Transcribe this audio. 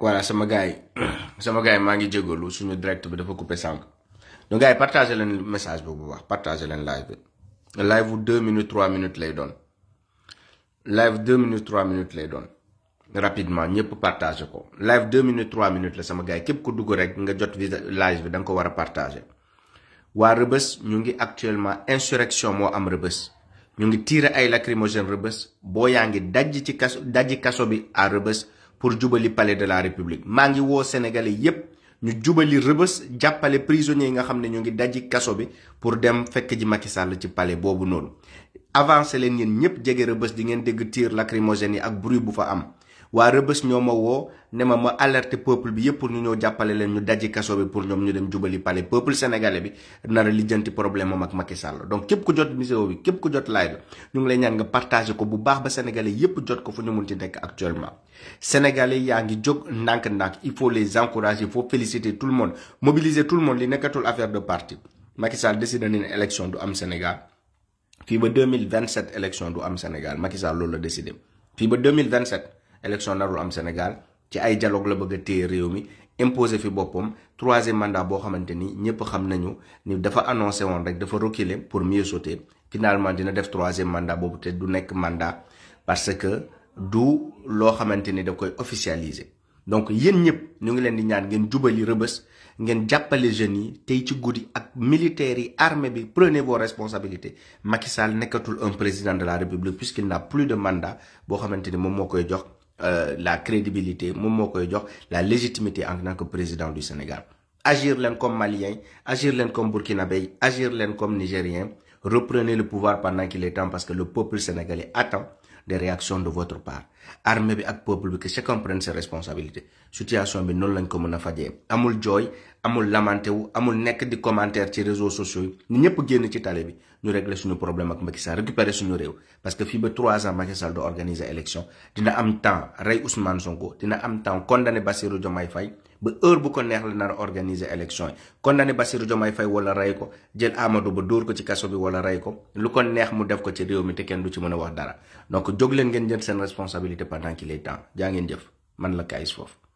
voilà sama gars yi sama gars maa ngi jégalu suñu direct bi dafa coupé sànq donc gars yi partagé message boobu bu baax partagé leen live bi live bu deux minutes trois minutes lay doon live deux minutes trois lay doon rapidement ñëpp partagé ko live deux minutes trois minutes la sama gars képp ku dugg rek nga jot live bi da nga ko war a partagé waa Rëbës ñu ngi actuellement insurrection moo am Rëbës ñu ngi tiire ay lacrymogène Rëbës boo yaa ngi dajji ci kaso dajji kaso bi à Rëbës pour jubali palais de la république maa ngi woo sénégalais yépp ñu jubali rëbës jàppale prisonniers yi nga xam ne ñoo ngi daji kaso bi pour dem fekk ji Macky ci pale boobu noonu avancé leen yéen ñëpp jege rëbës di ngeen dégg tir lacrymogène yi ak bruit bu fa am waa rëbës ñoo ma woo ne ma ma alerté peuple bi yëpp pour ñu ñëw jàppale leen ñu daji kaso bi pour ñoom ñu dem jubali palais peuple sénégalais bi nar a lijjanti problème am ak Macky Sall donc képp ku jot vidéo bi képp ku jot live ñu ngi lay ñaan nga partagé ko bu baax ba sénégalais yëpp jot ko fu ñu mun ci nekk actuellement sénégalais yaa ngi jóg ndànk-ndànk il faut les encourager il faut féliciter tout le monde mobiliser tout le monde li nekkatul affaire de parti Macky Sall décidé na ne élection du am Sénégal fii ba 2027 élection du am Sénégal Macky Sall loolu la décidé fii ba 2027 élection narul am Sénégal ci ay jaloog la bëgg a réew mi imposé fi boppam troisième mandat boo xamante ni ñëpp xam nañu ni dafa annoncé woon rek dafa reculer pour mieux sauter finalement dina def troisième mandat boobu te du nekk mandat parce que du loo xamante ni da koy officialiser. donc yéen ñëpp ñu ngi leen di ñaan ngeen jubal jubali rëbës ngeen jàppale jeunes yi tey ci guddi ak militaires yi armée bi prenez vos responsabilités Macky Sall nekkatul un président de la République puisqu'il n'a plus de mandat boo xamante ni moom moo koy jox. Euh, la crédibilité moom moo koy jox la légitimité en tant que président du Sénégal agir leen comme malien agir leen comme burkinabé agir leen comme nigérien reprener le pouvoir pendant qu'il est temps parce que le peuple sénégalais attend des réactions de votre part armée bi ak peuple bi que chacun prenne ses responsabilités situation bi noonu lañ ko mën a fajee amul jooy amul lamante wu amul nekk di commentaire ci réseau sociaux yi ñu ñëpp génn ci tale bi ñu régler suñu problème ak Macky Sall récupérer suñu réew parce que fii ba trois ans Macky Sall du organiser élection dina am temps rey Ousmane Sonko dina am temps kon condamné Bassirou Diomaye fay ba heure bu ko neex la nar organiser élection yi condamné Bassirou Diomaye Faye wala rey ko jël Amadou Ba dóor ko ci kaso bi wala rey ko lu ko neex mu def ko ci réew mi te kenn du ci mën a wax dara donc jóg leen ngeen jël seen responsabilité pendant qu'il est jaa ngeen jëf man la kaayis foofu